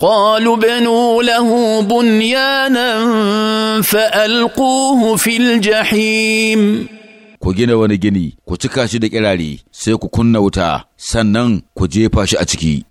قالوا بنوا له بنيانا فألقوه في الجحيم ku gina wani gini ku cika shi da kirari sai ku kunna wuta sannan ku jefa shi a ciki